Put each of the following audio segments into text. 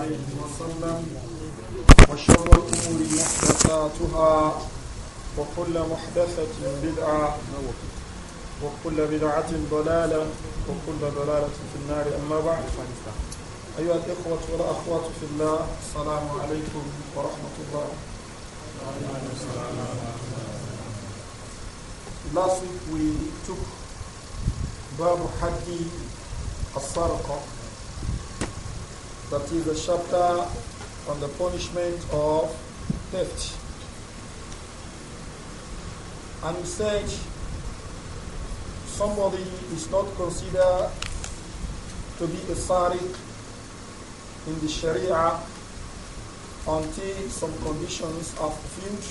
عليه وسلم وشر الأمور محدثاتها وكل محدثة بدعة وكل بدعة ضلالة وكل ضلالة في النار أما بعد أيها الإخوة والأخوات في الله السلام عليكم ورحمة الله Last week we took باب حد السرقة That is a chapter on the punishment of theft. And he said, somebody is not considered to be a sariq in the Sharia until some conditions are fulfilled.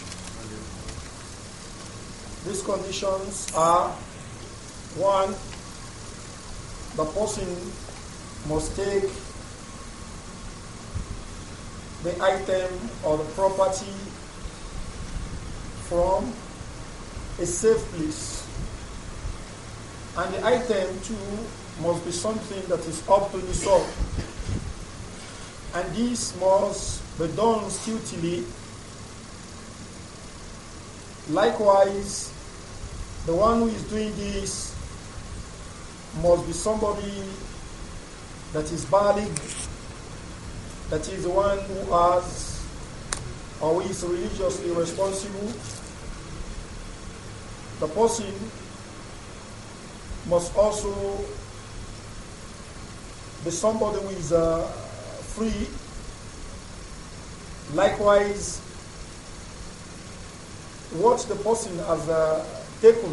These conditions are one, the person must take the item or the property from a safe place. And the item too must be something that is up to the soul. And this must be done suitably. Likewise, the one who is doing this must be somebody that is balig that is the one who has or who is religiously responsible. The person must also be somebody who is uh, free. Likewise, what the person has uh, taken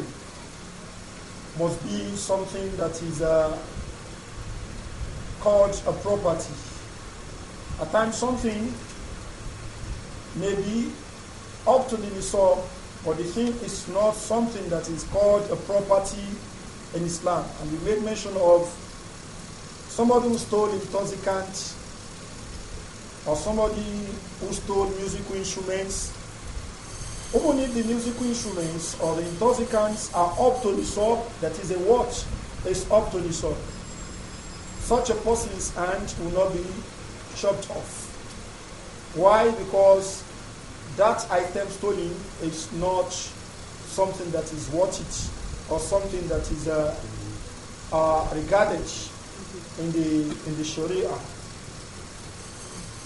must be something that is uh, called a property. At times something may be up to the nisab, but the thing is not something that is called a property in Islam. And we made mention of somebody who stole intoxicant or somebody who stole musical instruments. Only the musical instruments or the intoxicants are up to the sub, that is a watch, is up to the sub. Such a person's hand will not be chopped off. Why? Because that item stolen is not something that is worth it or something that is uh, uh, regarded in the in the Sharia.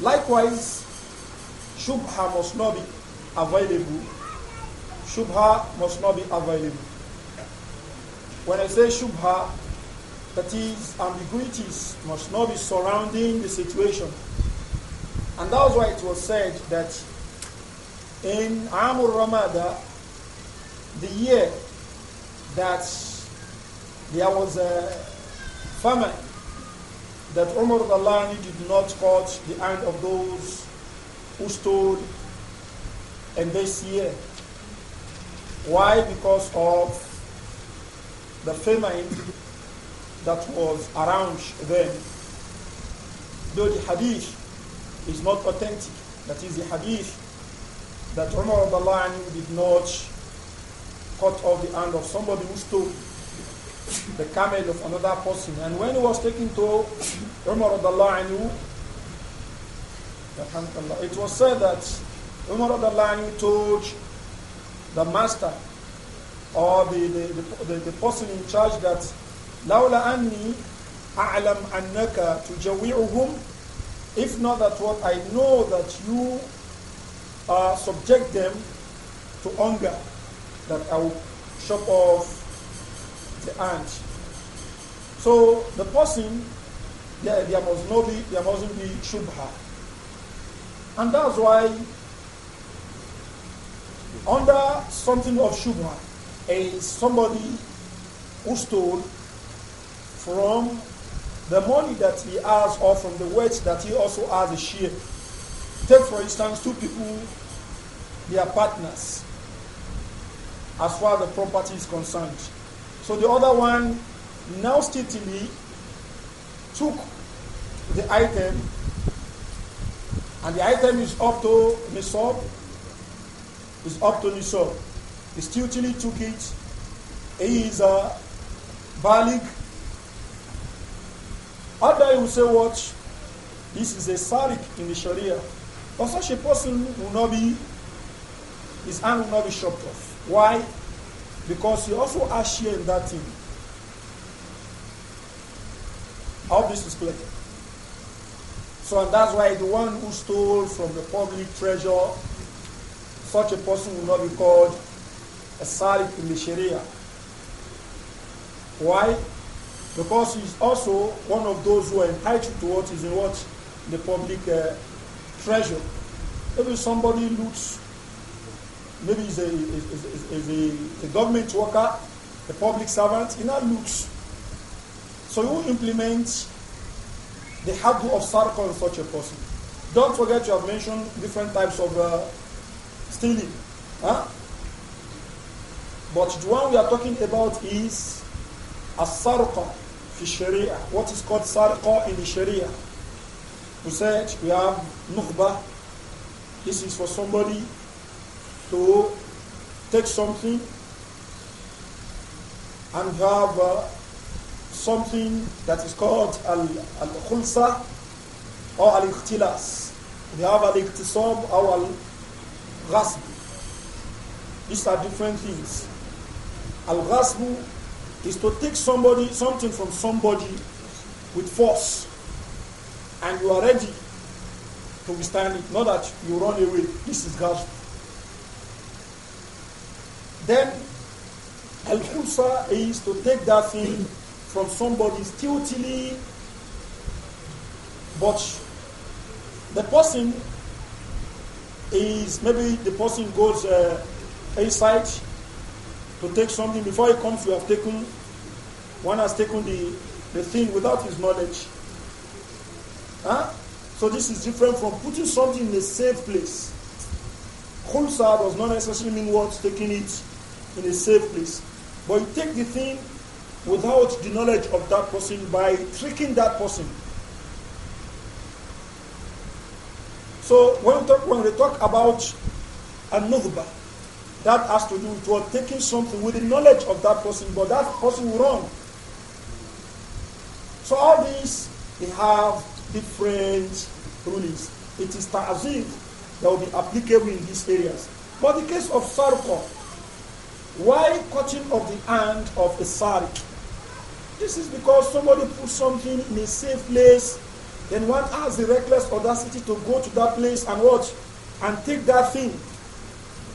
Likewise, shubha must not be available. Shubha must not be available. When I say shubha, that is, ambiguities must not be surrounding the situation. And that's why it was said that in Amur Ramada, the year that there was a famine, that Umar Dalani did not catch the hand of those who stole in this year. Why? Because of the famine that was around them. Though the hadith is not authentic, that is the hadith that Umar did not cut off the hand of somebody who stole the camel of another person. And when he was taken to Umar it was said that Umar told the master or the, the, the, the, person in charge that لولا أني أعلم أنك تجوعهم if not that what I know that you uh, subject them to hunger that I will chop off the hand. So the person there, there must not be there mustn't be shubha. And that's why under something of shubha a somebody who stole from the money that he has or from the wealth that he also has a share. Take, for instance, two people, they are partners as far as the property is concerned. So the other one now steadily took the item, and the item is up to Nisab, is up to Nisab. He steadily took it. He is a Balik other will say, What? This is a sarik in the Sharia. But such a person will not be, his hand will not be chopped off. Why? Because he also has share in that thing. All this is clear. So, and that's why the one who stole from the public treasure, such a person will not be called a sarik in the Sharia. Why? Because he's also one of those who are entitled to what is in what? The public uh, treasure. Maybe somebody loots, maybe he's a, is, is, a, a government worker, a public servant, he now loots. So you implement the habit of sarqa such a person. Don't forget you have mentioned different types of uh, stealing. Huh? But the one we are talking about is a sarqa. في Sharia. What is called sarqa in the Sharia? We said we have nukhba. This is for somebody to take something and have uh, something that is called al-khulsa or al-ikhtilas. We have al-iktisab or al-ghasb. These are different things. Al-ghasb is to take somebody something from somebody with force and you are ready to withstand it, not that you run away. This is God. Then Al Hulsa is to take that thing from somebody stealthily, but the person is maybe the person goes uh, inside to take something. Before he comes, you have taken, one has taken the, the thing without his knowledge. Huh? So this is different from putting something in a safe place. Khulsa does not necessarily mean what taking it in a safe place. But you take the thing without the knowledge of that person by tricking that person. So when we talk, when we talk about a nuzba, that has to do with what? Taking something with the knowledge of that person, but that person wrong. So all these, they have different rulings. It is ta'zir that will be applicable in these areas. But the case of sarqa, why cutting of the hand of a sarik? This is because somebody put something in a safe place, then one has the reckless audacity to go to that place and watch and take that thing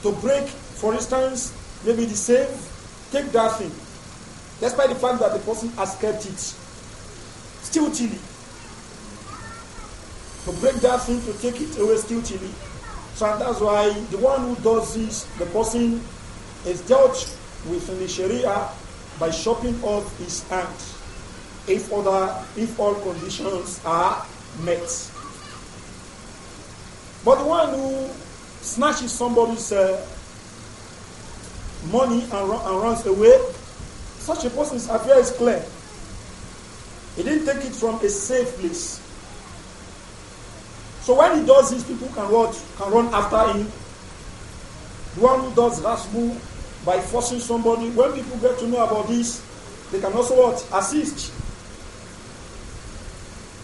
to break for instance, maybe the same, take that thing. Despite the fact that the person has kept it, still chilly. To break that thing, to take it away, still chilly. So that's why the one who does this, the person is judged with the Sharia by chopping off his hand if other if all conditions are met. But the one who snatches somebody's uh, money and, run, and runs away, such a person's affair is clear. He didn't take it from a safe place. So when he does this, people can run, can run after him. The one who does move by forcing somebody, when people get to know about this, they can also what? Assist.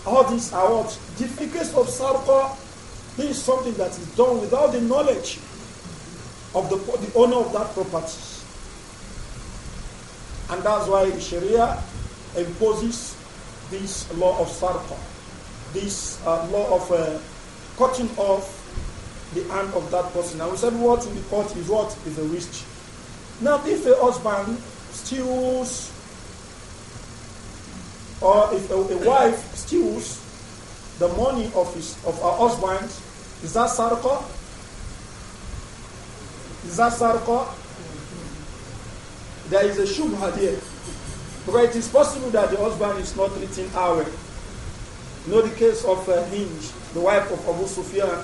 All these are what? The figures of sarqa, this is something that is done without the knowledge of the, the owner of that property. And that's why Sharia imposes this law of sarqa, this uh, law of uh, cutting off the hand of that person. And we said what in the court is what is a wish. Now, if a husband steals, or if a, a wife steals the money of his of her husband, is that sarqa? Is There is a shubha here, Because it is possible that the husband is not treating away. Know the case of uh, Hinge, the wife of Abu Sufyan.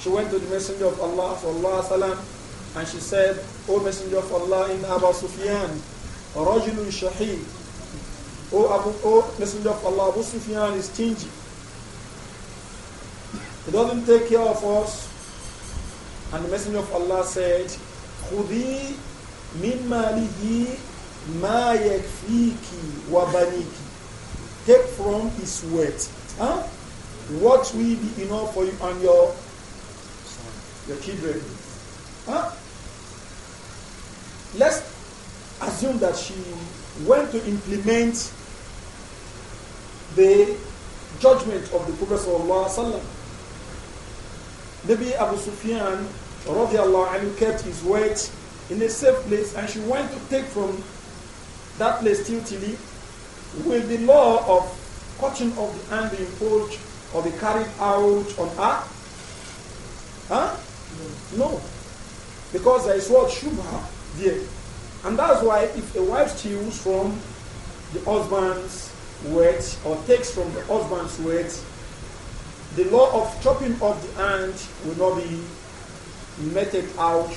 She went to the Messenger of Allah sallallahu alaihi and she said, "O Messenger of Allah, in Abu Sufyan, rajulun shahid. O Abu, O Messenger of Allah, Abu Sufyan is stingy. He doesn't take care of us. And the Messenger of Allah said, خُذِي مِنْ مَالِهِ مَا يَكْفِيكِ وَبَنِيكِ Take from his wealth. Huh? What will be enough for you and your, your children? Huh? Let's assume that she went to implement the judgment of the Prophet Maybe Abu Sufyan عنه, kept his weight in a safe place and she went to take from that place tiltily will the law of cutting of the hand be imposed or be carried out on her? Huh? No. Because there is what Shubha there. And that's why if a wife steals from the husband's wet or takes from the husband's wet, the law of chopping of the hand will not be method out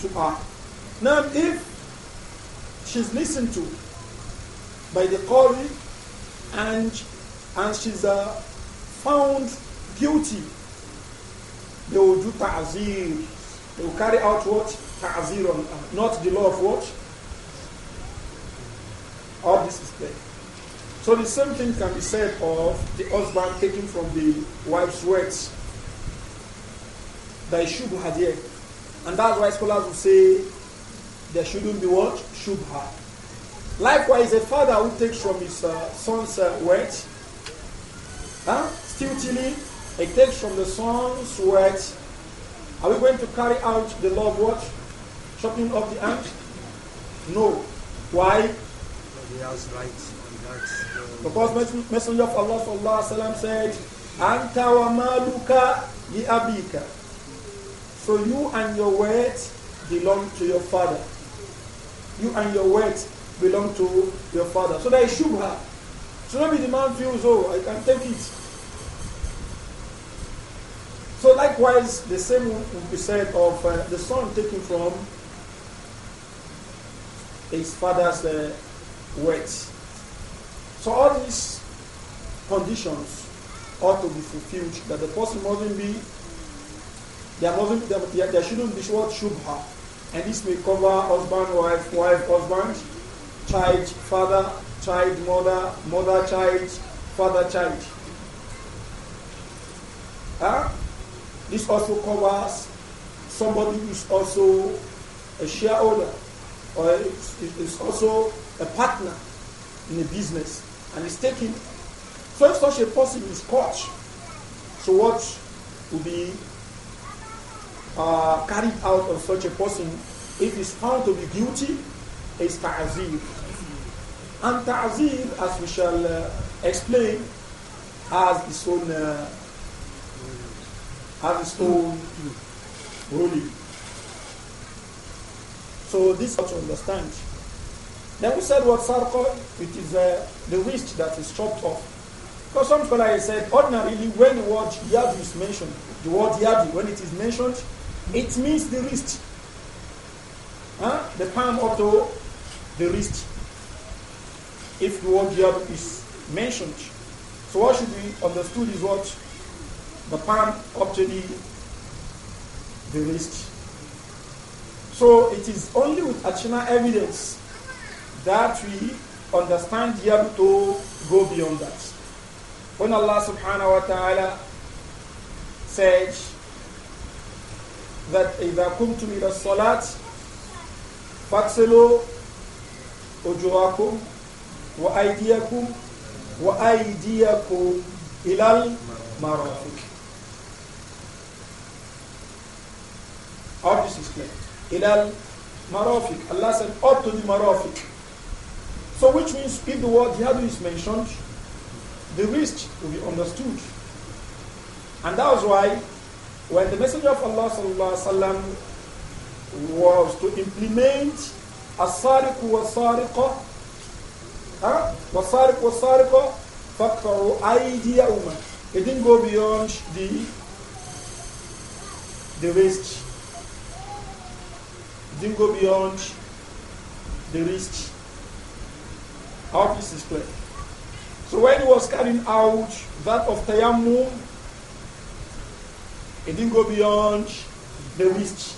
to her. Now, if she's listened to by the Qari and, and she's uh, found guilty, they will do ta'zir. They will carry out what? Ta'zir on her. Not the law of what? All this is there. So the same thing can be said of the husband taking from the wife's words by Shubha there. And that's why scholars will say there shouldn't be what? Shubha. Likewise, a father who takes from his uh, son's uh, wet, huh? still tilling, he takes from the son's wealth. Are we going to carry out the law of what? Chopping of the ant? No. Why? He has rights because Messenger of Allah said, "Anta wa maluka li abika." So you and your weight belong to your father. You and your weight belong to your father. So there is shubha. So let me demand feels, oh, I can take it. So likewise, the same would be said of uh, the son taken from his father's uh, So all these conditions ought to be fulfilled, that the person mustn't be there, mustn't, there, there shouldn't be what shubha. And this may cover husband, wife, wife, husband, child, father, child, mother, mother, child, father, child. Huh? This also covers somebody who is also a shareholder or is also a partner in a business and is taking. So if such a person is caught, so what will be uh, carried out on such a person, if he is found to be guilty, is ta'zib. And ta'zib, as we shall uh, explain, has its own, uh, has its own ruling. So this how to understand. Then we said what sarqa, it is uh, the wrist that is chopped off. Because some scholars said ordinarily when the word yadu is mentioned, the word yadu, when it is mentioned, it means the wrist. Huh? The palm up to the wrist. If the word jihad is mentioned. So what should be understood is what? The palm up to the, the wrist. So it is only with additional evidence that we understand jihad to go beyond that. When Allah subhanahu wa ta'ala says, that إذا قمتم إلى الصلاة فاغسلوا وجوهكم وأيديكم وأيديكم إلى المرافق All this is clear. إلى المرافق Allah said up to the marafiq. So which means if the word jihadu is mentioned, the wrist will be understood. And that was why when the Messenger of Allah وسلم, was to implement wa والصارقة huh? wa والصارق والصارقة فاقطعوا أيديهما It didn't go beyond the the wrist. It didn't go beyond the wrist. Our piece is clear. So when he was carrying out that of Tayammum, it didn't go beyond the wrist.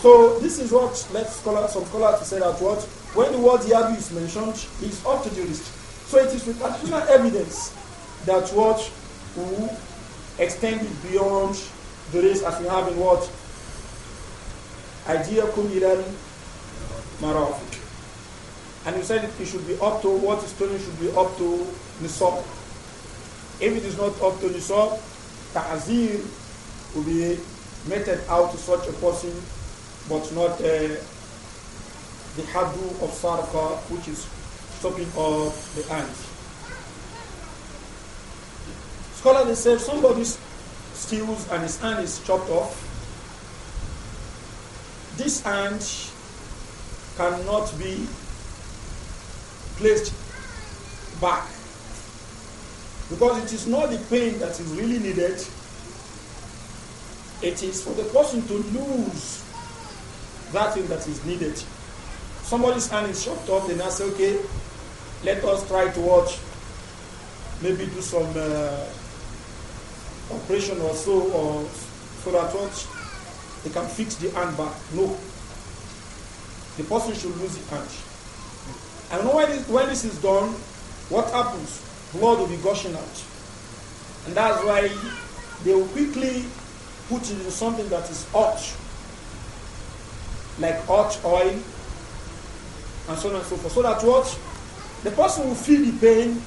So this is what led scholars, some scholars to say that what when the word yabu is mentioned, it's up to the list. So it is with additional evidence that what who extended beyond the list as we have in what idea Kumiran Marafi." And you said it should be up to what is stolen should be up to nisab. If it is not up to nisab, ta'zir will be meted out to such a person, but not uh, the hadu of sarqa, which is stopping of the hand. Scholars say if somebody steals and his hand is chopped off. This hand cannot be placed back because it is not the pain that is really needed, it is for the person to lose that thing that is needed. Somebody's hand is chopped off, they I say, okay, let us try to watch, maybe do some uh, operation or so, or so that what they can fix the hand back. No. The person should lose the hand. And when this, when this is done, what happens? blood will be gushing out. And that's why they will quickly put it in something that is hot, like hot oil, and so on and so forth. So that what? The person will feel the pain,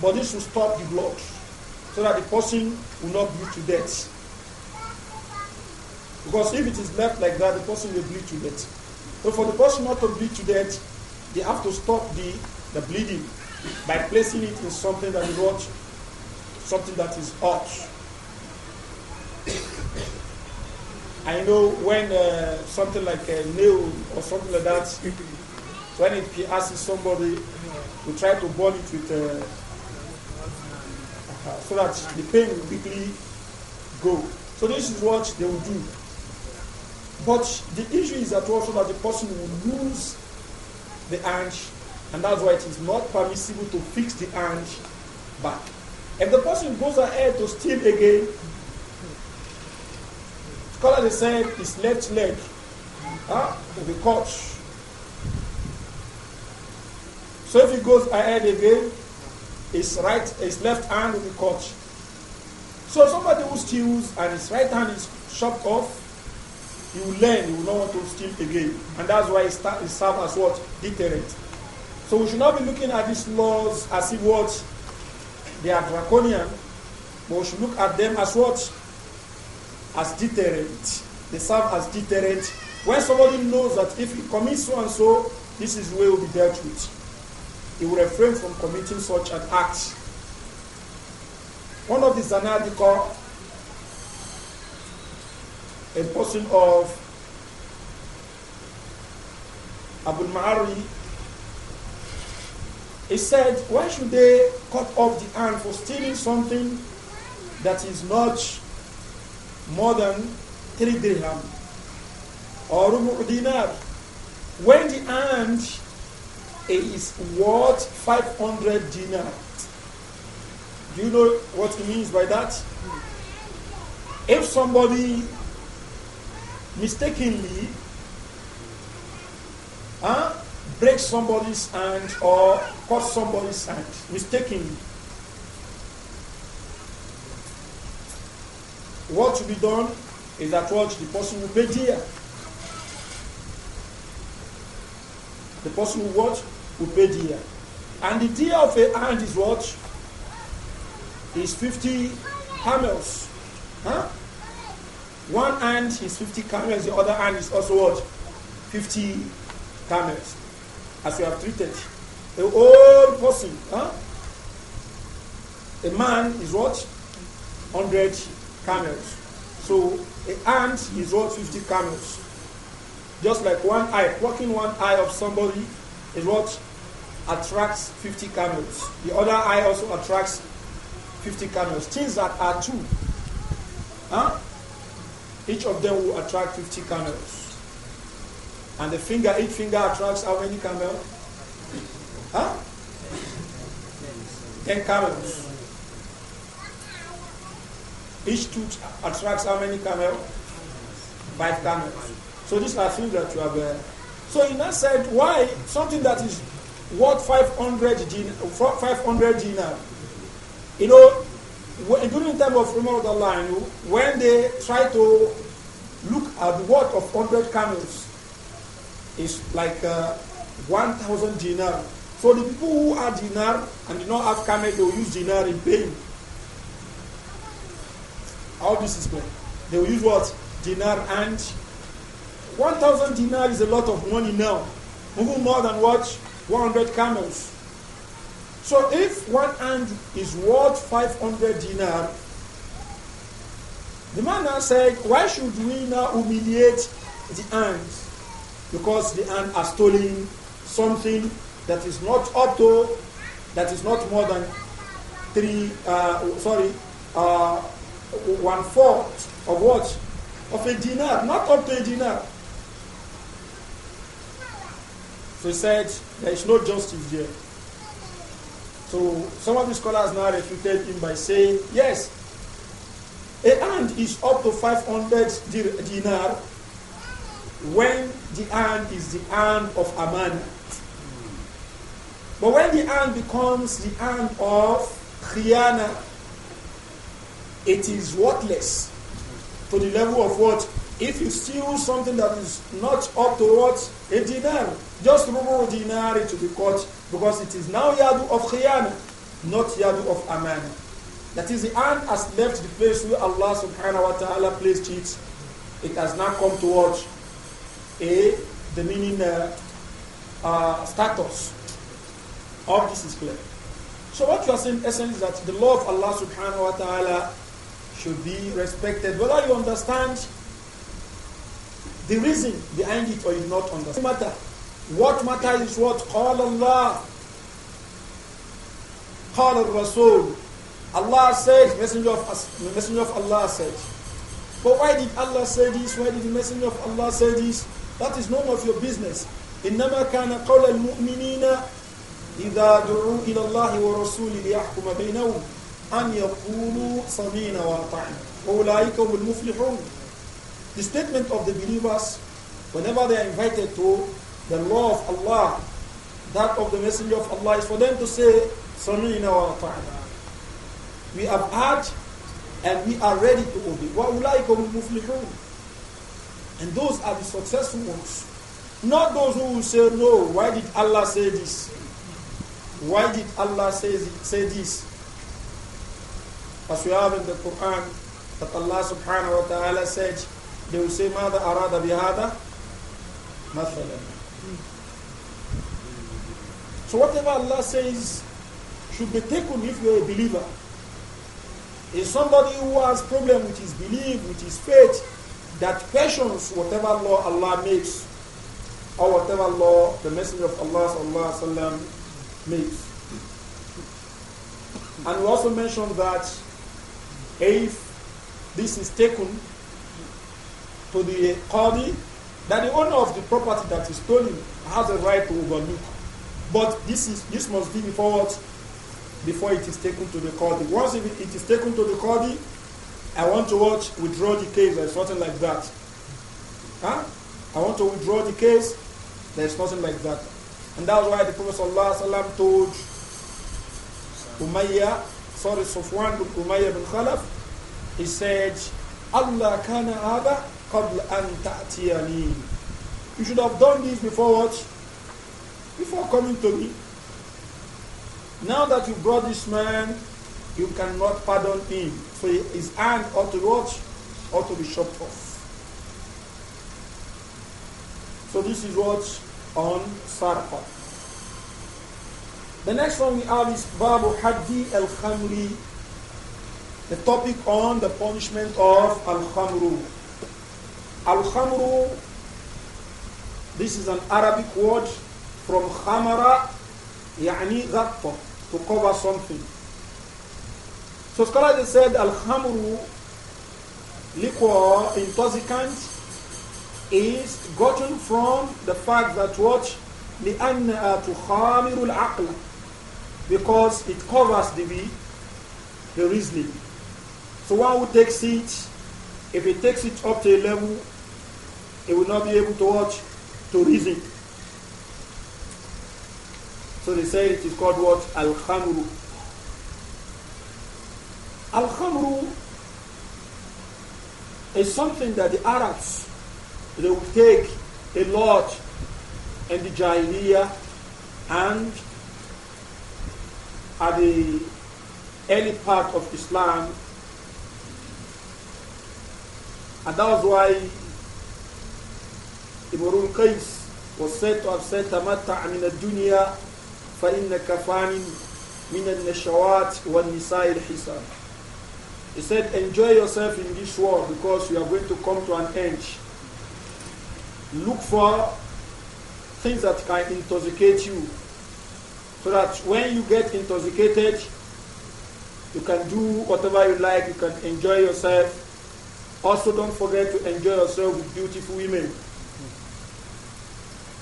but this will stop the blood, so that the person will not bleed to death. Because if it is left like that, the person will bleed to death. So for the person not to bleed to death, they have to stop the, the bleeding by placing it in something that is hot, Something that is hot. I know when uh, something like a nail or something like that, when it passes somebody, we try to burn it with, uh, uh, so that the pain will quickly go. So this is what they will do. But the issue is that also that the person will lose the hand and that's why it is not permissible to fix the hand back. If the person goes ahead to steal again, scholars said his left leg huh, will be So if he goes ahead again, his right, his left hand will be So somebody who steals and his right hand is chopped off, he will learn, he will not want to steal again. And that's why it serve as what? Deterrent. So we should not be looking at these laws as if what they are draconian, but we should look at them as what? As deterrent. They serve as deterrent. When somebody knows that if he commits so and so, this is where he will be dealt with. He will refrain from committing such an act. One of the Zanadika, a person of Abu Ma'ari, he said, Why should they cut off the hand for stealing something that is not more than three dirham or dinar? When the hand is worth 500 dinar. Do you know what he means by that? If somebody mistakenly huh, break somebody's hand or cut somebody's hand mistakenly, what will be done is that what the person will pay dear. The person will what? Will pay dear. And the dear of a hand is what? Is 50 camels. Huh? One hand is 50 camels, the other hand is also what? 50 camels as you have treated a whole person. Huh? A man is what? 100 camels. So an ant is worth 50 camels. Just like one eye, plucking one eye of somebody is what attracts 50 camels. The other eye also attracts 50 camels. Things that are two, huh? each of them will attract 50 camels. And the finger, each finger attracts how many camels? Huh? Ten camels. Each tooth attracts how many camels? Five camels. So these are things that you have. Uh, so in that said, why something that is worth 500 dinar, 500 dinar you know, during the time of Umar when they try to look at the worth of 100 camels, is like uh, 1,000 dinar. So the people who are dinar and do not have camel, they will use dinar in paying. How this is playing? They will use what? Dinar and 1,000 dinar is a lot of money now. Even more than what? 100 camels. So if one hand is worth 500 dinar, the man now said, why should we now humiliate the hand? because the hand has stolen something that is not up to, that is not more than three, uh, sorry, uh, one fourth of what? Of a dinar, not up to a dinar. So he said, there is no justice there. So some of the scholars now refuted him by saying, yes, a hand is up to 500 dinar when the hand is the hand of Amana. But when the hand becomes the hand of Khiyana, it is worthless to the level of what? If you steal something that is not up to what? A dinar. Just rubu dinar to the court, because it is now yadu of khiyana, not yadu of amana. That is, the hand has left the place where Allah subhanahu wa ta'ala placed it. It has now come to what? A, the meaning uh, uh, status. of this is clear. So what you are saying essentially is that the law of Allah subhanahu wa ta'ala should be respected, whether you understand the reason behind it or you not understand. matter. What matter is what? call Allah. Qala Rasul. Allah said, Messenger of, Messenger of Allah said. But why did Allah say this? Why did the Messenger of Allah say this? That is none of your business. إنما كان قول المؤمنين إذا دعوا إلى الله ورسوله ليحكم بينهم أن يقولوا سمينا وأطعنا أولئك هم المفلحون The statement of the believers whenever they are invited to the law of Allah that of the messenger of Allah is for them to say سمينا وأطعنا We have heard and we are ready to obey وأولئك هم المفلحون and those are the successful ones. Not those who will say, no, why did Allah say this? Why did Allah say, say this? As we have in the Quran, that Allah subhanahu wa ta'ala said, they will say, ماذا أراد بهذا؟ مثلا. So whatever Allah says should be taken if you're a believer. If somebody who has problem with his belief, with his faith, that questions whatever law Allah makes or whatever law the Messenger of Allah وسلم, makes. And we also mentioned that if this is taken to the Qadi, that the owner of the property that is stolen has a right to overlook. But this is this must be before Before it is taken to the Qadi. Once it is taken to the Qadi, I want to watch Withdraw the case. There's nothing like that. Huh? I want to withdraw the case. There's nothing like that. And that's why the Prophet ﷺ told Umayyah, sorry, Sufwan bin Umayyah bin Khalaf, he said, Allah kana hada qabla an ta'tiyani. You should have done this before what? Before coming to me. Now that you brought this man, you cannot pardon him. So his hand ought to watch, ought to be chopped off. So this is what on Sarqa. The next one we have is Babu Haddi al Khamri, the topic on the punishment of al Khamru. Al Khamru, this is an Arabic word from Khamara, yani ghatta, to cover something. So scholars said Al-Hamru, liquor, intoxicant, is gotten from the fact that what? لِأَنَّهَا تُخَامِرُ الْعَقْلَ Because it covers the, the reasoning. So one who takes it, if he takes it up to a level, he will not be able to watch, to reason. So they say it is called what? Al-Khamru. Al-Khamru is something that the Arabs, they would take a lot in the Jahiliyyah and at the early part of Islam. And that was why Imrul Qais was said to have said, al-dunya, تَمَتَّعْ مِنَ الدُّنْيَا فَإِنَّكَ فَانٍ مِنَ النَّشَوَاتِ وَالنِّسَاءِ hisab." He said, Enjoy yourself in this world because you are going to come to an end. Look for things that can intoxicate you so that when you get intoxicated, you can do whatever you like, you can enjoy yourself. Also, don't forget to enjoy yourself with beautiful women.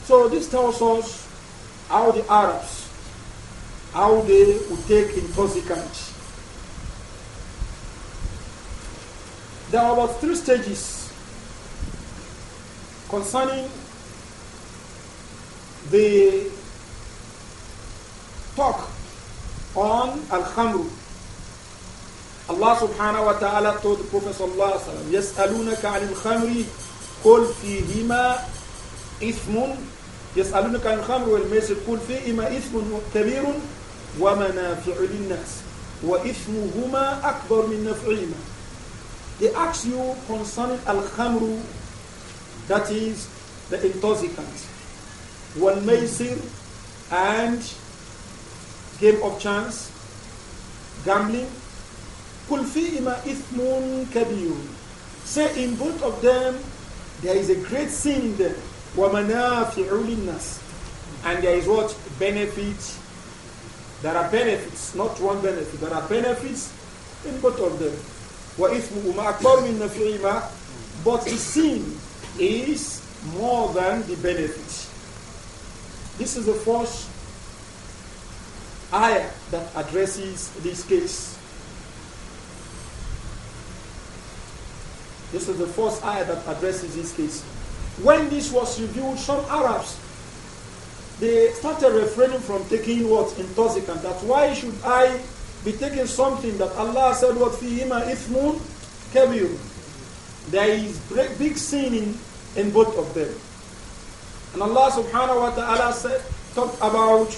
So, this tells us how the Arabs, how they would take intoxicants There are about three stages concerning the talk on al khamr Allah subhanahu wa ta'ala told the Prophet sallallahu alaihi wasallam, يَسْأَلُونَكَ عَنِ الْخَمْرِ قُلْ فِيهِمَا إِثْمٌ يَسْأَلُونَكَ عَنِ الْخَمْرِ وَالْمَيْسِرِ قُلْ فِيهِمَا إِثْمٌ كَبِيرٌ وَمَنَافِعُ لِلنَّاسِ وَإِثْمُهُمَا أَكْبَرُ مِنْ نَفْعِهِمَا they ask you concerning al khamru, that is the intoxicant, one maisir, and game of chance, gambling. Kul ima ithmun kabirun. Say in both of them there is a great sin in them. وَمَنَافِعُ And there is what? Benefit. There are benefits, not one benefit. There are benefits in both of them. وَإِثْمُهُمَا أَكْبَرُ مِنْ نَفْعِهِمَا But the sin is more than the benefit. This is the first ayah that addresses this case. This is the first ayah that addresses this case. When this was revealed, some Arabs they started refraining from taking what intoxicant. That's why should I be taking something that Allah said, what fihima ithmun kabir. There is big sin in, in both of them. And Allah subhanahu wa ta'ala said, talked about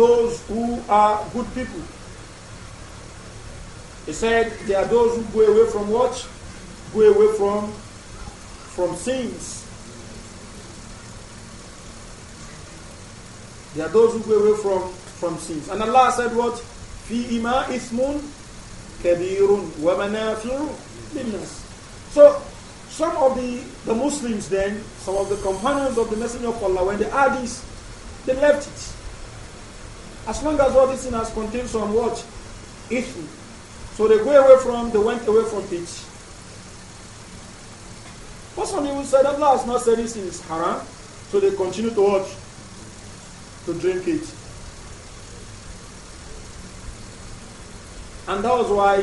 those who are good people. He said, there are those who go away from what? Go away from, from sins. There are those who go away from, from sins. And Allah said what? فيهما كبير ومنافع للناس. So some of the, the Muslims then, some of the companions of the Messenger of Allah, when they heard this, they left it. As long as all these things contain some what? Issue. So they go away from, they went away from it. But some people said Allah has not said this is haram, so they continue to watch, to drink it. And that was why,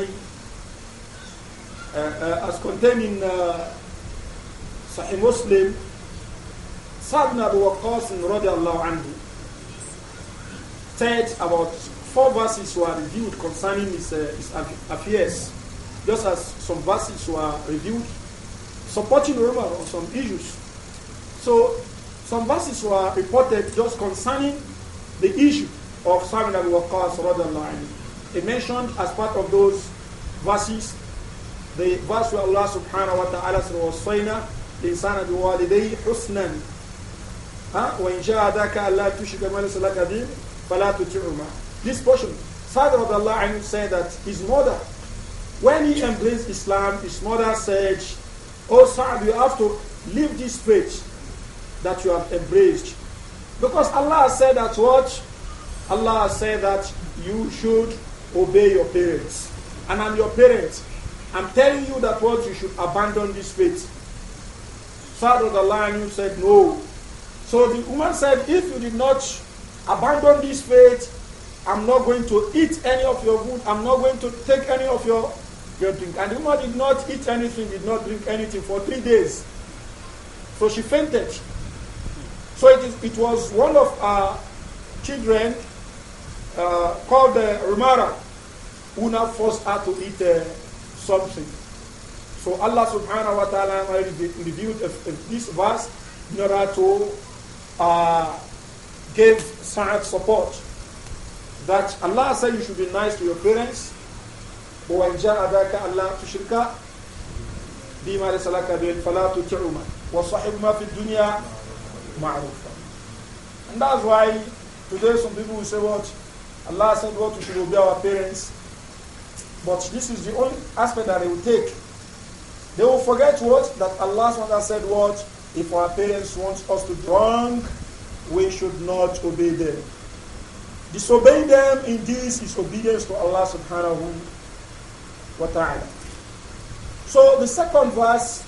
uh, uh, as contained in uh, Sahih Muslim, Sa'd ibn Abu Waqqas said about four verses were reviewed concerning his, uh, his affairs, just as some verses were reviewed supporting Umar on some issues. So some verses were reported just concerning the issue of Sa'd ibn Abu Waqqas anhu. It mentioned as part of those verses the verse where Allah subhanahu wa ta'ala says, وَصَّيْنَا الْإِنسَانَ بِوَالِدَيْهِ wa وَإِنْ جَاهَدَاكَ أَلَّا تُشْرِكَ مَا لَيْسَ لَكَ بِهِ fala تُطِعْهُمَا This portion, Sa'd said that his mother, when he embraced Islam, his mother said, Oh Sa'd, you have to leave this faith that you have embraced. Because Allah said that what? Allah said that you should obey your parents. And I'm your parent. I'm telling you that what you should abandon this faith. Father, of the lion, you said no. So the woman said, if you did not abandon this faith, I'm not going to eat any of your food. I'm not going to take any of your, your drink. And the woman did not eat anything, did not drink anything for three days. So she fainted. So it, is, it was one of our children uh, called the Umara, who now forced her to eat uh, something. So Allah subhanahu wa ta'ala revealed this verse in order to uh, give Sa'ad support. That Allah said you should be nice to your parents. وَإِنْ جَاءَ ذَاكَ أَلَّا تُشْرِكَ بِمَا salaka لَكَ بِهِ فَلَا تُطِعْهُمَا وَصَحِبْهُمَا فِي الدُّنْيَا مَعْرُوفًا And that's why today some people will say what? Allah said what we should obey our parents. But this is the only aspect that they will take. They will forget what? That Allah said what? If our parents want us to drink, wrong, we should not obey them. Disobeying them in this is obedience to Allah subhanahu wa ta'ala. So the second verse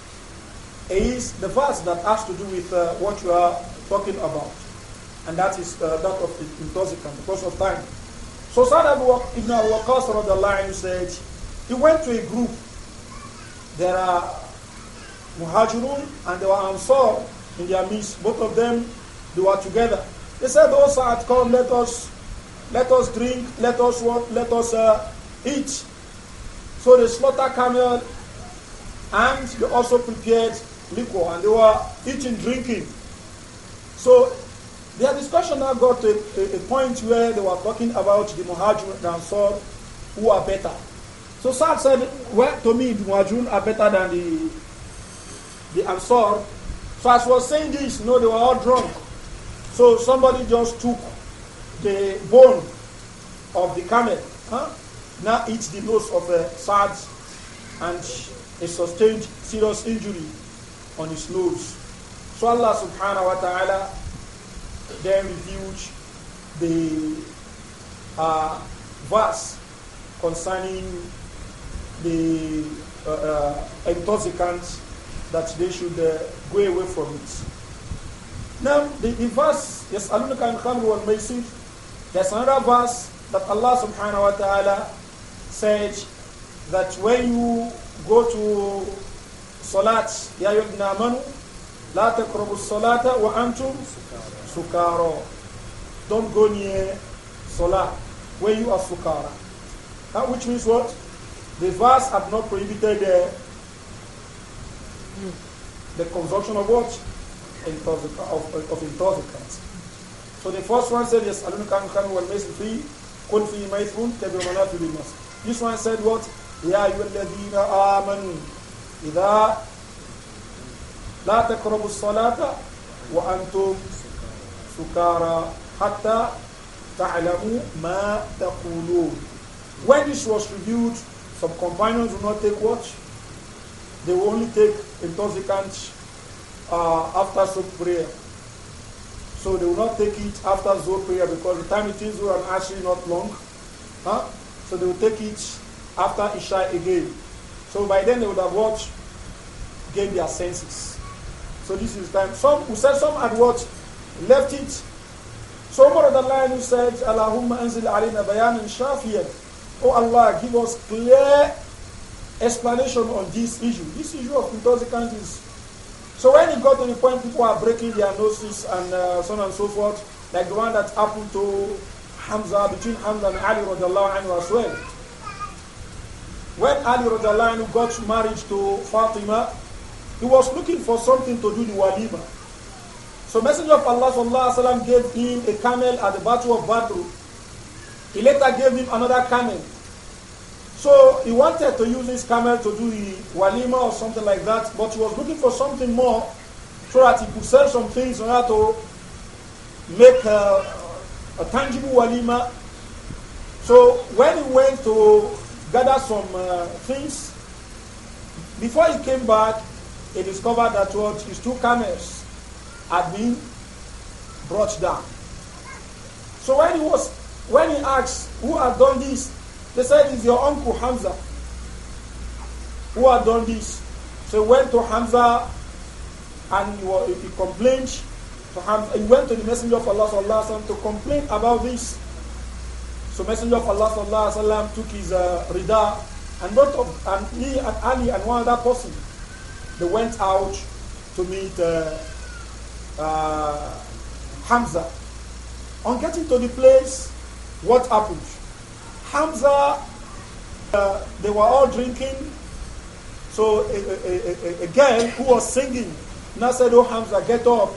is the verse that has to do with uh, what you are talking about. And that is uh, that of the intoxicant because of time. So Sa'd ibn al Waqas said, he went to a group. There are Muhajirun and there were Ansar in their midst. Both of them, they were together. They said, Oh Sa'd, come, let us, let us drink, let us what, let us uh, eat. So they slaughtered camel and they also prepared liquor and they were eating, drinking. So their discussion now got to a, a, a, point where they were talking about the Muhajirun and Ansar who are better. So Saad said, well, to me, the Muhajirun are better than the, the Ansar. So as was saying this, no, they were all drunk. So somebody just took the bone of the camel, huh? now it's the nose of a Saad and he sustained serious injury on his nose. So Allah subhanahu wa ta'ala then reviewed the uh, verse concerning the uh, uh, intoxicants that they should uh, go away from it. Now, the, the verse, yes, Alunaka and Khamru there's another verse that Allah subhanahu wa ta'ala said that when you go to Salat, Ya Yudna Manu, La Takrabu Salata wa Antum sukara. Don't go near Salah where you are sukara. That which means what? The verse had not prohibited uh, the consumption of what? Intoxic of, of, intoxicants. So the first one said, yes, alun kan kan wal maysin fi kun fi maysun kabir manafi lin This one said what? Ya ayyuhalladhina amanu idha la taqrabu as-salata wa antum sukara hatta ta'lamu ma taqulun. When this was revealed, some companions would not take watch. They would only take intoxicants uh, after soap prayer. So they will not take it after Zohar prayer because the time it is Zohar and actually not long. Huh? So they will take it after Isha again. So by then they would have watched, gained their senses. So this is time. Some who said some had watched left it. So Umar al said, Allahumma anzil alina bayanan shafiyat." Oh Allah, give us clear explanation on this issue. This issue of intoxicants is. So when it got to the point people are breaking their noses and uh, so on and so forth, like the one that happened to Hamza, between Hamza and Ali radiallahu anhu as well. When Ali radiallahu anhu got married to Fatima, he was looking for something to do the walima. So Messenger of Allah وسلم, gave him a camel at the Battle of Badr. He later gave him another camel. So he wanted to use this camel to do the walima or something like that, but he was looking for something more so that he could sell some things in order to make a, a tangible walima. So when he went to gather some uh, things, before he came back, he discovered that what his two camels had been brought down. So when he was when he asked who had done this, they said it's your uncle Hamza who had done this. So he went to Hamza and he, was, he complained to Hamza. He went to the Messenger of Allah sallallahu alaihi wasallam to complain about this. So Messenger of Allah sallallahu alaihi wasallam took his uh, rida and both of and he and Ali and one other person they went out to meet. Uh, uh, Hamza. On getting to the place, what happened? Hamza, uh, they were all drinking. So a, a, a, a, girl who was singing now said, Oh, Hamza, get up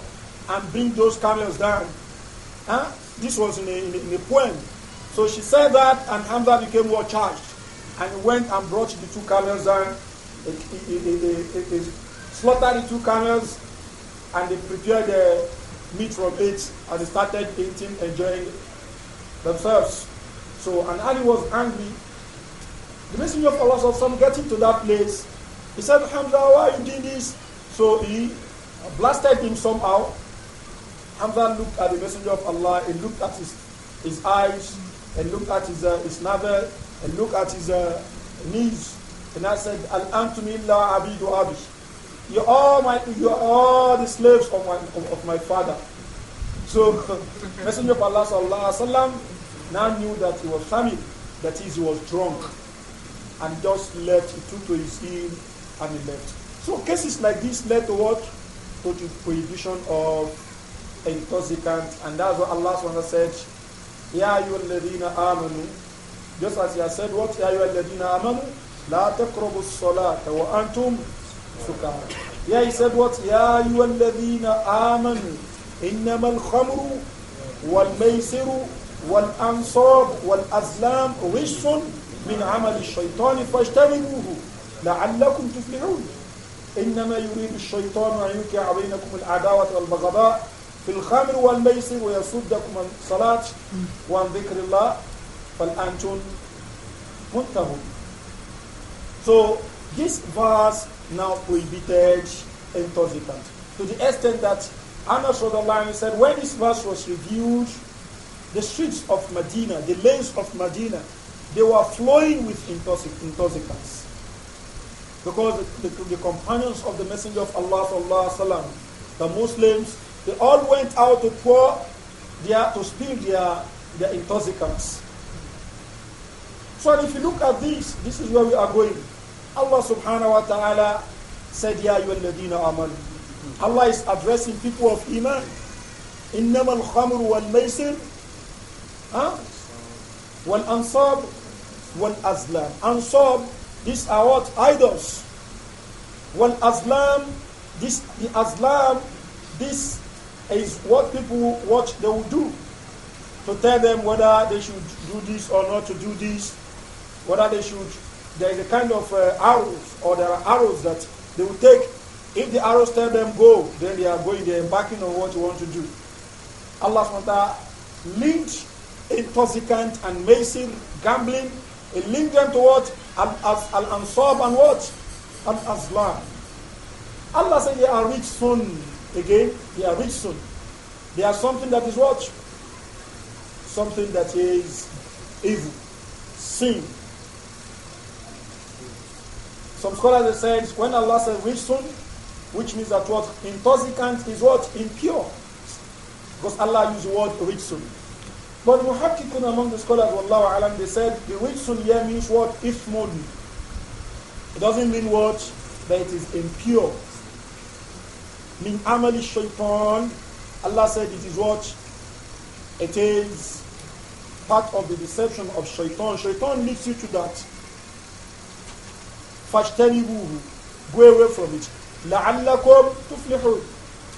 and bring those camels down. Huh? This was in a, in, in a, poem. So she said that, and Hamza became more charged and went and brought the two camels down. he, slaughtered the two camels and they prepared the meat from it and they started eating, enjoying themselves. So, and Ali was angry. The messenger of Allah some getting to that place, he said, Hamza, why you doing this? So he blasted him somehow. Hamza looked at the messenger of Allah, he looked at his, his eyes, and looked at his, uh, his navel, and looked at his uh, knees, and I said, al abidu abi. You are my, you are all the slaves of my, of, of my father. So, Messenger of Allah sallallahu alaihi wasallam now knew that he was famine, that is, he was drunk, and just left. He took to his inn and he left. So cases like this led to what? To the prohibition of intoxicant, and that's what Allah SWT said. Ya ayyuhalladhina amanu. Just as He has said, what? Ya ayyuhalladhina amanu. La taqrabu as-salata wa antum سكارى يا يسدوت يا أيها الذين آمنوا إنما الخمر والميسر والأنصاب والأزلام رجس من عمل الشيطان فاجتنبوه لعلكم تفلحون إنما يريد الشيطان أن يوقع بينكم العداوة والبغضاء في الخمر والميسر ويصدكم عن الصلاة وعن ذكر الله فالأنتم منتهون So this verse now prohibited intoxicant. To the extent that Anas Rodallahu said, when this verse was reviewed, the streets of Medina, the lanes of Medina, they were flowing with intoxicants. Because the, the, the companions of the Messenger of Allah, وسلم, the Muslims, they all went out to pour their, to spill their, their intoxicants. So if you look at this, this is where we are going. Allah subhanahu wa ta'ala said, Ya ayyuhalladhina amanu. Allah is addressing people of Iman. إنما الخمر والميسر huh? والأنصاب والأزلام أنصاب these are what idols والأزلام this the Azlam this is what people watch. they will do to tell them whether they should do this or not to do this whether they should there is a kind of uh, arrows, or there are arrows that they will take. If the arrows tell them go, then they are going, they are embarking on what you want to do. Allah SWT linked intoxicant and mason, gambling, he linked them to what? Al-Ansab and what? al Aslam. Allah said they are rich soon. Again, they are rich soon. They are something that is what? Something that is evil, sin, some scholars have said when Allah says rijsun, which means that what intoxicant is what impure, because Allah used the word rijsun. But muhakkikun among the scholars, Allah alam, they said the rijsun here means what ifmun. It doesn't mean what that it is impure. Min amali shaitan. Allah said it is what it is part of the deception of shaitan. Shaitan leads you to that. فَاجْتَنِبُوهُ Go away from it. لَعَلَّكُمْ تُفْلِحُونَ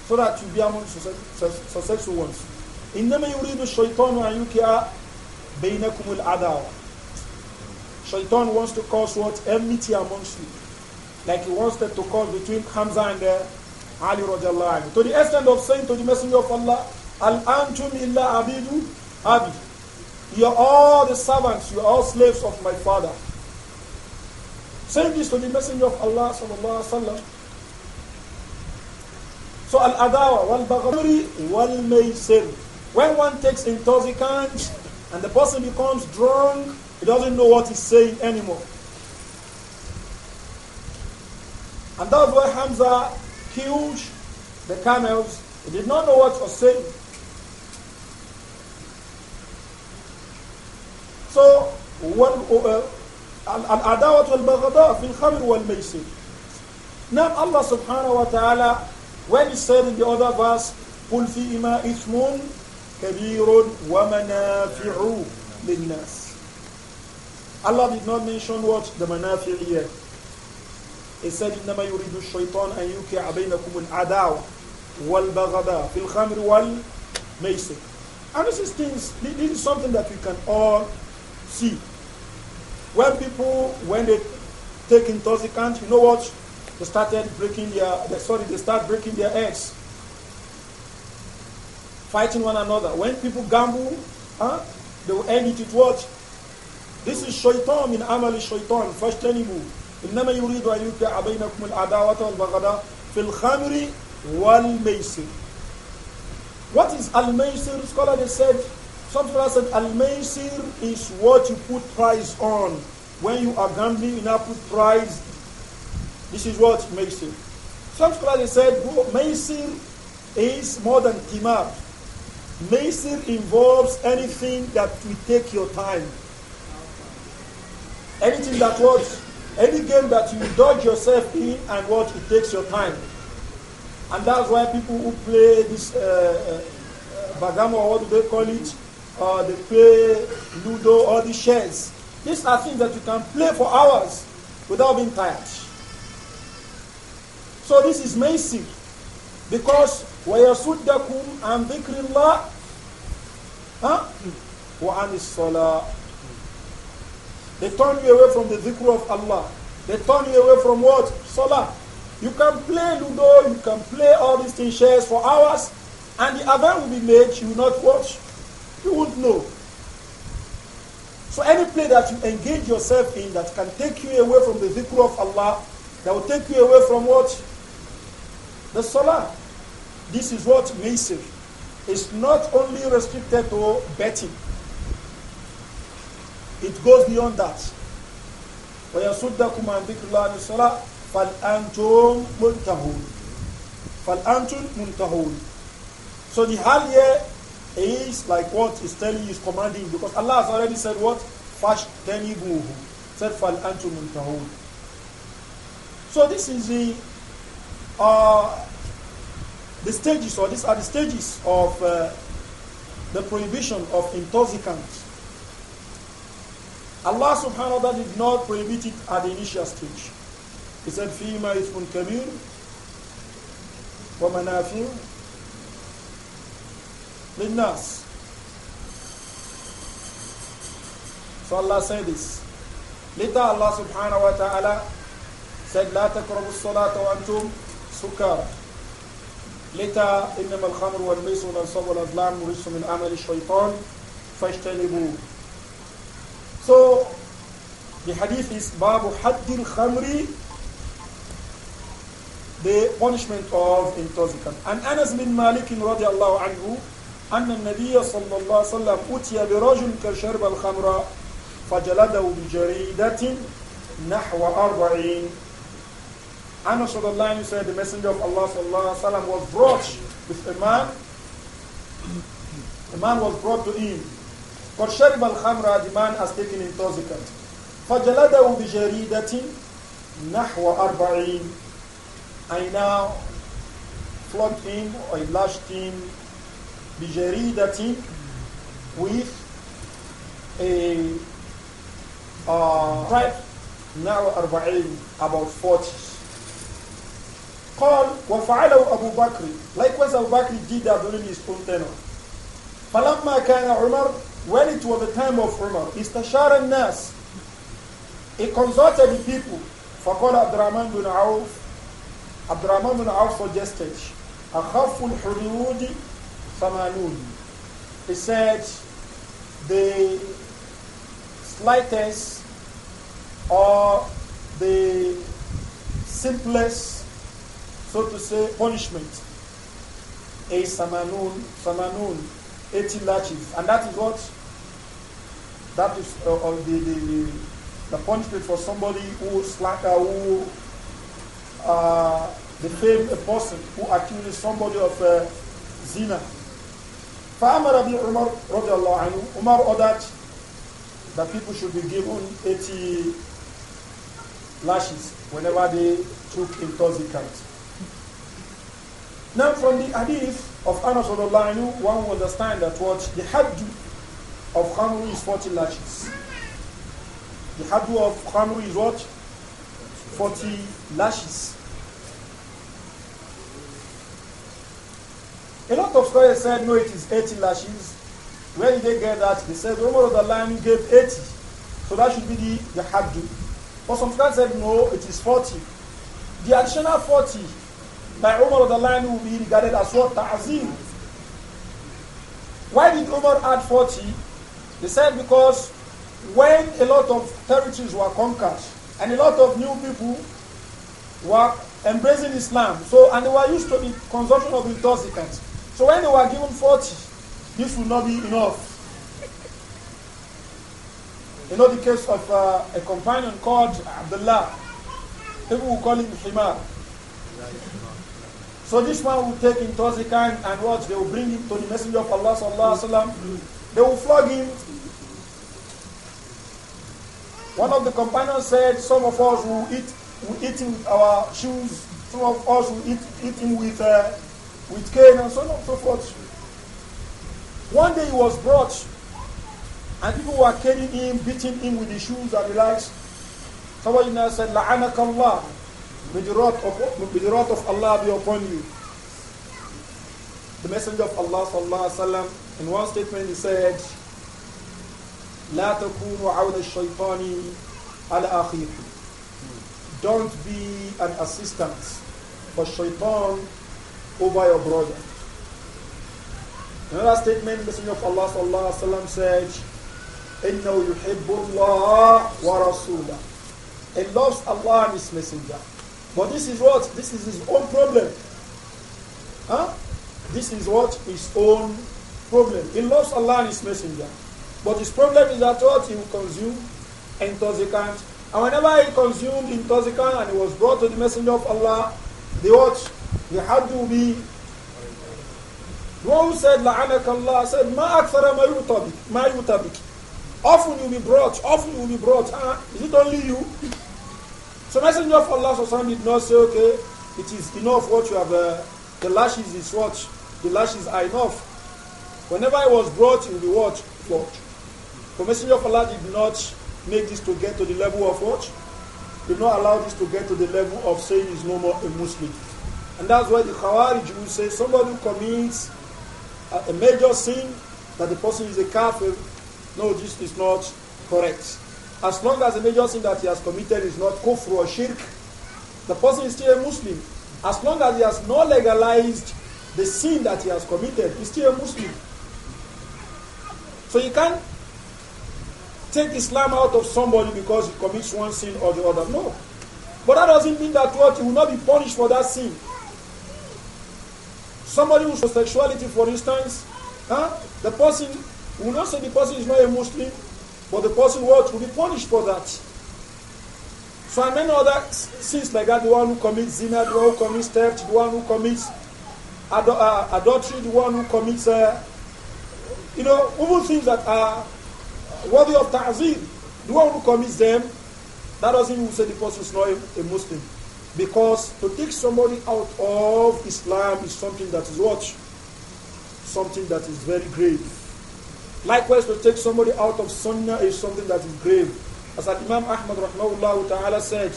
So that you be among successful ones. إِنَّمَا يُرِيدُ الشَّيْطَانُ أَنْ يُكِعَ بَيْنَكُمُ الْعَدَاوَةِ Shaitan wants to cause what? Enmity amongst you. Like he wants to cause between Hamza and uh, Ali radiallahu anhu. To the extent of saying to the Messenger of Allah, Al antum illa abidu abi. You are all the servants, you are all slaves of my father. Say this to the Messenger of Allah sallallahu alaihi wasallam. So al-adawa wal-baghduri wal-maysir. When one takes intoxicants and the person becomes drunk, he doesn't know what he's saying anymore. And that's why Hamza killed the camels. He did not know what he was saying. So, what, uh, العداوة والبغضاء في الخمر والميسر. Now Allah subhanahu wa ta'ala, when he said in the other verse, قُلْ فِيهِمَا إِثْمٌ كَبِيرٌ وَمَنَافِعُ لِلنَّاسِ Allah did not mention what? The منافع here. He said, إِنَّمَا يُرِيدُ الشَّيْطَانَ أَنْ يُوقِعَ بَيْنَكُمُ الْعَدَاوَةِ وَالْبَغَضَاءَ فِي الْخَمْرِ وَالْمَيْسِرِ And this is things, this is something that we can all see. When people, when they take intoxicant, you know what? They started breaking their, they, sorry, they start breaking their eggs, fighting one another. When people gamble, huh, they will end it with what? This is shaitan in amali shaitan, First, fashtanibu. إنما يريد أن يوقع بينكم العداوة والبغضاء في الخمر والميسر. What is al-maysir? Scholar they said some scholars said al-maisir is what you put price on. When you are gambling, you now put price. This is what maisir. Some scholars said maisir is more than qimar. Maisir involves anything that will take your time. Anything that what? Any game that you dodge yourself in and what? It takes your time. And that's why people who play this uh, uh, uh bagamo, what do they call it? or uh, they play Ludo or the chess. These are things that you can play for hours without being tired. So this is mercy because وَيَسُدَّكُمْ عَنْ ذِكْرِ اللَّهِ huh? وَعَنِ salah. They turn you away from the dhikr of Allah. They turn you away from what? Salah. You can play Ludo, you can play all these things, shares for hours, and the event will be made, you will not watch. You won't know. So any play that you engage yourself in that can take you away from the zikr of Allah, that will take you away from what? The salah. This is what Maisir. It's not only restricted to betting. It goes beyond that. وَيَصُدَّكُمْ عَنْ ذِكْرِ اللَّهِ الصَّلَاةِ فَالْأَنْتُمْ مُنْتَهُونَ فَالْأَنْتُمْ مُنْتَهُونَ So the hal here is like what is telling you is commanding you because Allah has already said what? Fash tenibuhu. Said fal antum muntahun. So this is the uh, the stages or these are the stages of uh, the prohibition of intoxicants. Allah subhanahu wa ta'ala did not prohibit it at the initial stage. He said, فِيمَا إِثْمٌ wa وَمَنَافِعُ للناس صلى الله سادس لدى الله سبحانه وتعالى سيد لا تقربوا الصلاة وأنتم سكر لتا إنما الخمر والميس والأنصاب والأظلام مرس من عمل الشيطان فاجتنبوه So, the hadith is باب حد الخمر the punishment of intoxicant. And Anas bin Malik رضي الله عنه أن النبي صلى الله عليه وسلم أتي برجل كشرب الخمر فجلده بجريدة نحو أربعين Anas of Allah said the messenger of Allah was brought with a man. The man was brought to him. قد شرب الخمر the man has taken intoxicant. فجلده بجريدة نحو أربعين I now flogged him or I lashed him بجريدة with a uh, type now أربعين about 40 قال وفعله أبو بكر likewise أبو بكر did that during his own tenure فلما كان عمر when it was the time of Umar استشار الناس he consulted the people فقال عبد الرحمن بن عوف عبد الرحمن بن عوف suggested أخف الحدود famalun. He said, the slightest or the simplest, so to say, punishment is samanun, samanun, 80 lashes. And that is what? That is uh, uh the, the, the punishment for somebody who slacker, who uh, defames a person, who accuses somebody of uh, zina. فأمر ابن عمر رضي Umar ordered that people should be given 80 lashes whenever they took intoxicants. Now from the hadith of Anas radiallahu anhu, one will understand that what the haddu of Khamru is 40 lashes. The haddu of Khamru is what? 40 lashes. A lot of scholars said, no, it is 80 lashes. Where did they get that? They said, Umar the Lion gave 80. So that should be the, the haddu. But some scholars said, no, it is 40. The additional 40 by Umar the Lion will be regarded as what? Ta'zim. Why did Umar add 40? They said because when a lot of territories were conquered and a lot of new people were embracing Islam, so and they were used to the consumption of intoxicants. So when they were given 40, this would not be enough. You know the case of uh, a companion called Abdullah. People will call him Himar. So this one will take intoxicant and what? They will bring him to the messenger of Allah sallallahu alaihi wasallam. They will flog him. One of the companions said, some of us will eat, will eat him with our shoes. Some of us will eat, eat him with uh, with Cain and so on and so forth. One day he was brought, and people were carrying him, beating him with the shoes and the likes. Somebody now said, La'anak Allah, may the wrath of, may the wrath of Allah be upon you. The Messenger of Allah sallallahu wasallam, in one statement he said, لا تكونوا عون الشيطان على أخيكم. Don't be an assistant for shaitan over your brother. Another statement, Messenger of Allah sallallahu alaihi wasallam said, "Innahu yuhibbullah wa rasulah." He loves Allah and His Messenger. But this is what? This is his own problem. Huh? This is what? His own problem. He loves Allah and His Messenger. But his problem is that what? He will consume intoxicant. And whenever he consumed intoxicant and he was brought to the Messenger of Allah, the what? The Hajj will be. One who said, La'anak Allah, said, Ma akthara ma yutabik. Often you'll be brought, often you'll be brought. Ah, is it only you? So Messenger of Allah did not say, okay, it is enough what you have, uh, the lashes is what? The lashes are enough. Whenever I was brought, in the watch, what? The Messenger of Allah did not make this to get to the level of what? Did not allow this to get to the level of saying is no more a Muslim. And that's why the Khawarij will say somebody who commits a, a major sin that the person is a kafir. No, this is not correct. As long as the major sin that he has committed is not kufr or shirk, the person is still a Muslim. As long as he has not legalized the sin that he has committed, he's still a Muslim. So you can't take Islam out of somebody because he commits one sin or the other. No. But that doesn't mean that what he will not be punished for that sin. Somebody who shows sexuality, for instance, huh? the person will not say the person is not a Muslim, but the person what will be punished for that. So and many other sins like that, the one who commits zina, the one who commits theft, the one who commits ad uh, adultery, the one who commits, uh, you know, even things that are worthy of ta'zir, the one who commits them, that doesn't even say the person is not a, a Muslim. Because to take somebody out of Islam is something that is what? Something that is very grave. Likewise, to take somebody out of Sunnah is something that is grave. As Imam Ahmad rahmahullah ta'ala said,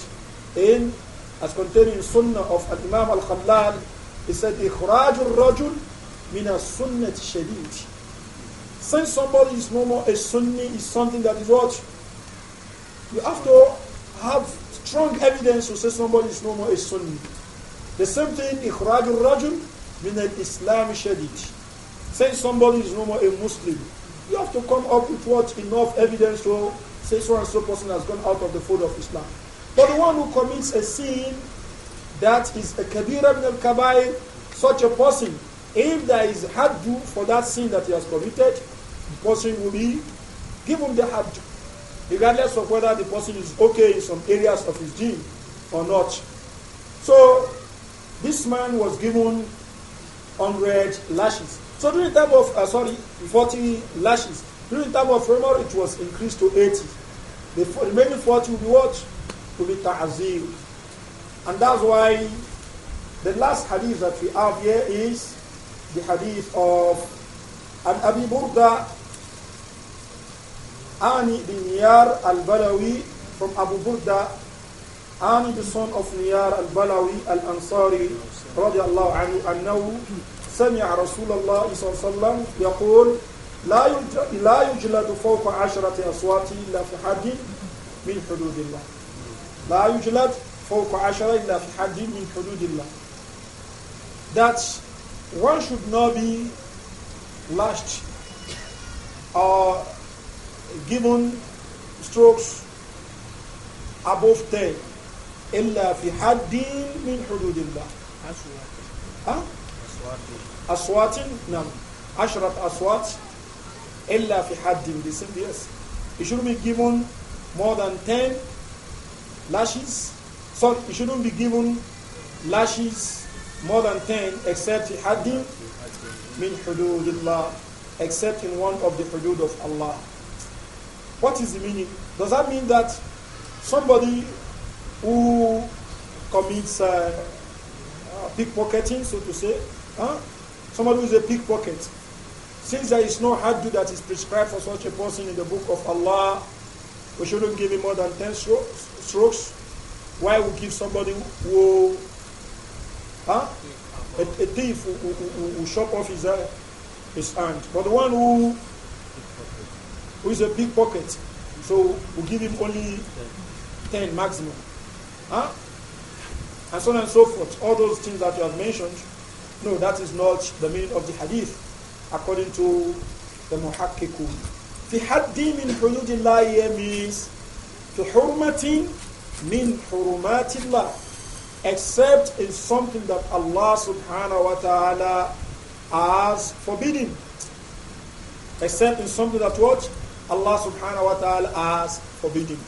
in, as contained in Sunnah of Imam al Khallal, he said, إِخْرَاجُ الرَّجُلِ مِنَ السُنَّةِ شَدِيدٍ Since somebody is no more a Sunni, is something that is what? You have to have strong evidence to say somebody is no more a Sunni. The same thing, Ikhrajul Rajul min al-Islam shadid. Saying somebody is no more a Muslim. You have to come up with what enough evidence to say so and so person has gone out of the fold of Islam. But the one who commits a sin that is a kabira min al kabai, such a person, if there is haddu for that sin that he has committed, the person will be given the haddu regardless of whether the person is okay in some areas of his deed or not. So this man was given 100 lashes. So during the time of, uh, sorry, 40 lashes. During the time of Umar, it was increased to 80. The remaining 40 will be what? Will be ta'azir. And that's why the last hadith that we have here is the hadith of an Abi Burda Ani bin Niyar al-Balawi from Abu Burda. Ani the son of Niyar al-Balawi al-Ansari radiallahu anhu annahu sami'a Rasulullah sallallahu alayhi wa sallam yaqul la yujladu fawqa asharati aswati illa fi haddin min hududillah. La yujlad fawqa asharati illa fi haddin min hududillah. That one should not be lashed or given strokes above 10 إلا في حد من حدود الله أصوات أصوات نعم عشرة أصوات إلا في حد من yes it shouldn't be given more than 10 lashes so it shouldn't be given lashes more than 10 except في حد من حدود الله except in one of the hudud of Allah what is the meaning? Does that mean that somebody who commits uh, uh, pickpocketing, so to say, huh? somebody who is a pickpocket, since there is no haddu that is prescribed for such a person in the book of Allah, we shouldn't give him more than 10 strokes. Why would give somebody who, huh? a, a thief who, who, who, who, chop off his, uh, his hand? But the one who who is a big pocket. So we give him only 10 maximum. Huh? And so on and so forth. All those things that you have mentioned, no, that is not the meaning of the hadith, according to the muhakkikun. The hadith in حدود means to hurmatin min حرمات الله except in something that Allah subhanahu wa ta'ala has forbidden except in something that what Allah subhanahu wa ta'ala has forbidden.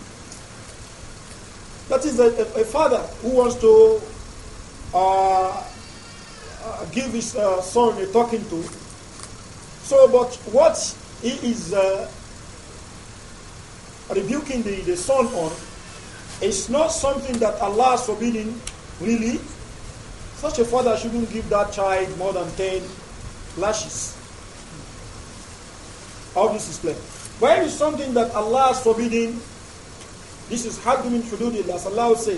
That is a, a, a father who wants to uh, uh, give his uh, son a talking to. So, but what he is uh, rebuking the, the son on is not something that Allah is forbidding, really. Such a father shouldn't give that child more than 10 lashes. All this is played? When it's something that Allah has forbidden, this is haddu min hududillah. As Allah will say,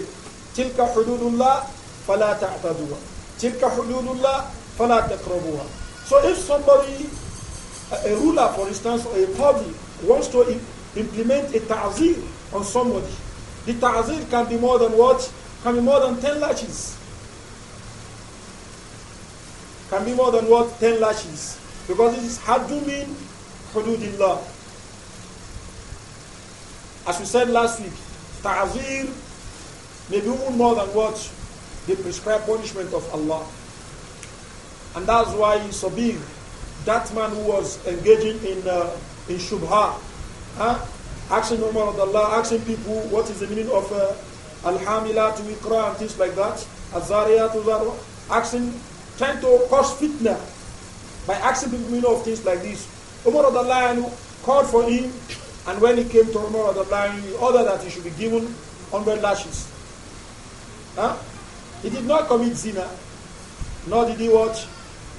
tilka hududullah fala ta'taduha. Tilka hududullah fala takrabuha. So if somebody, a ruler for instance, or a public, wants to implement a ta'zir on somebody, the ta'zir can be more than what? Can be more than 10 lashes. Can be more than what? 10 lashes. Because it is haddu min hududillah. As we said last week, ta'zir may be even more than what the prescribed punishment of Allah. And that's why Sabir, that man who was engaging in, uh, in Shubha, huh? asking Umar of Allah, asking people what is the meaning of uh, Alhamila to Iqra and things like that, Azaria to Zarwa, asking, trying to cause fitna by asking people meaning of things like this. Umar of the line called for him and when he came to Umar, the he ordered that he should be given 100 lashes. Huh? He did not commit zina, nor did he what?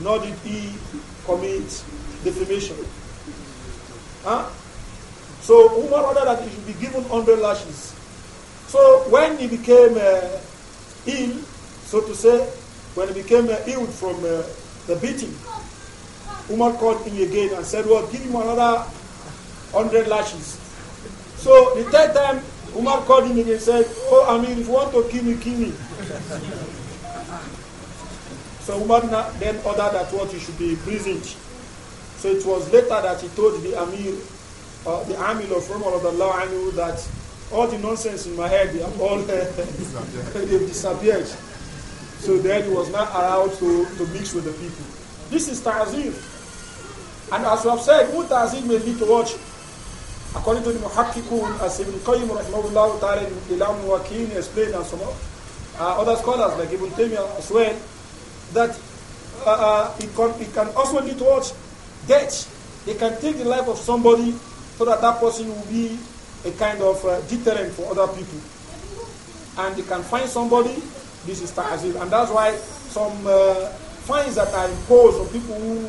Nor did he commit defamation. Huh? So Umar ordered that he should be given 100 lashes. So when he became uh, ill, so to say, when he became uh, ill from uh, the beating, Umar called him again and said, Well, give him another 100 lashes. So the third time, Umar called him and and said, Oh, I mean, if you want to kill me, kill me. so Umar then ordered that what he should be imprisoned. So it was later that he told the Amir, uh, the Amir of Umar anhu, that all the nonsense in my head, they have all they've disappeared. So then he was not allowed to, to mix with the people. This is ta'zir. And as we have said, good ta'zir may lead to what? According to the Muhakkikun, as Ibn Qayyim rahimahullah ta'ala, Ilam Wakin explained and some uh, other scholars like Ibn Taymiyyah as well, that uh, uh it, can, it can also lead towards death. They can take the life of somebody so that that person will be a kind of uh, deterrent for other people. And they can find somebody, this is ta'zir. And that's why some uh, fines that are imposed on people who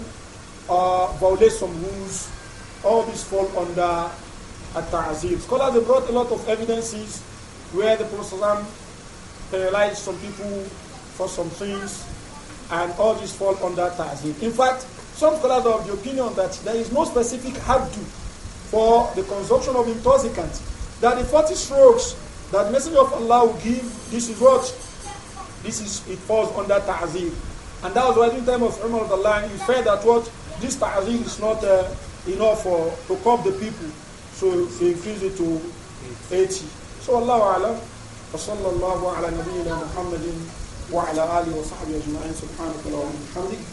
uh, violate some rules, all this fall under at-ta'zib. Scholars have brought a lot of evidences where the Prophet penalized some people for some things, and all this fall under ta'zib. In fact, some scholars are of the opinion that there is no specific hadith for the consumption of intoxicants. That the 40 strokes that Messenger of Allah will give, this is what? This is, it falls under ta'zib. And that was why in time of Umar of the line, he said that what? This ta'zib is not uh, enough for, to curb the people. So they increased it to 80. So Allah Alam, وصلى الله على نبينا محمد وعلى آله وصحبه أجمعين سبحانك اللهم وبحمدك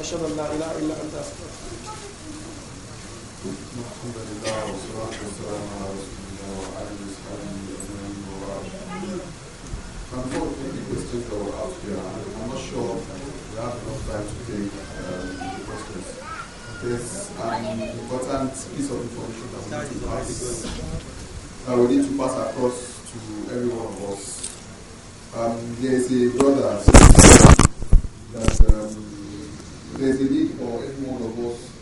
أشهد أن لا إله إلا أنت أستغفرك الحمد لله والصلاة والسلام على رسول الله وعلى آله وصحبه أجمعين وبعد Unfortunately, questions that were asked here, I'm not sure we have enough time to take um, there's an um, important piece of information that we need to pass, that we need to pass across to every one of us. Um, there is a brother that um, there is a need for every one of us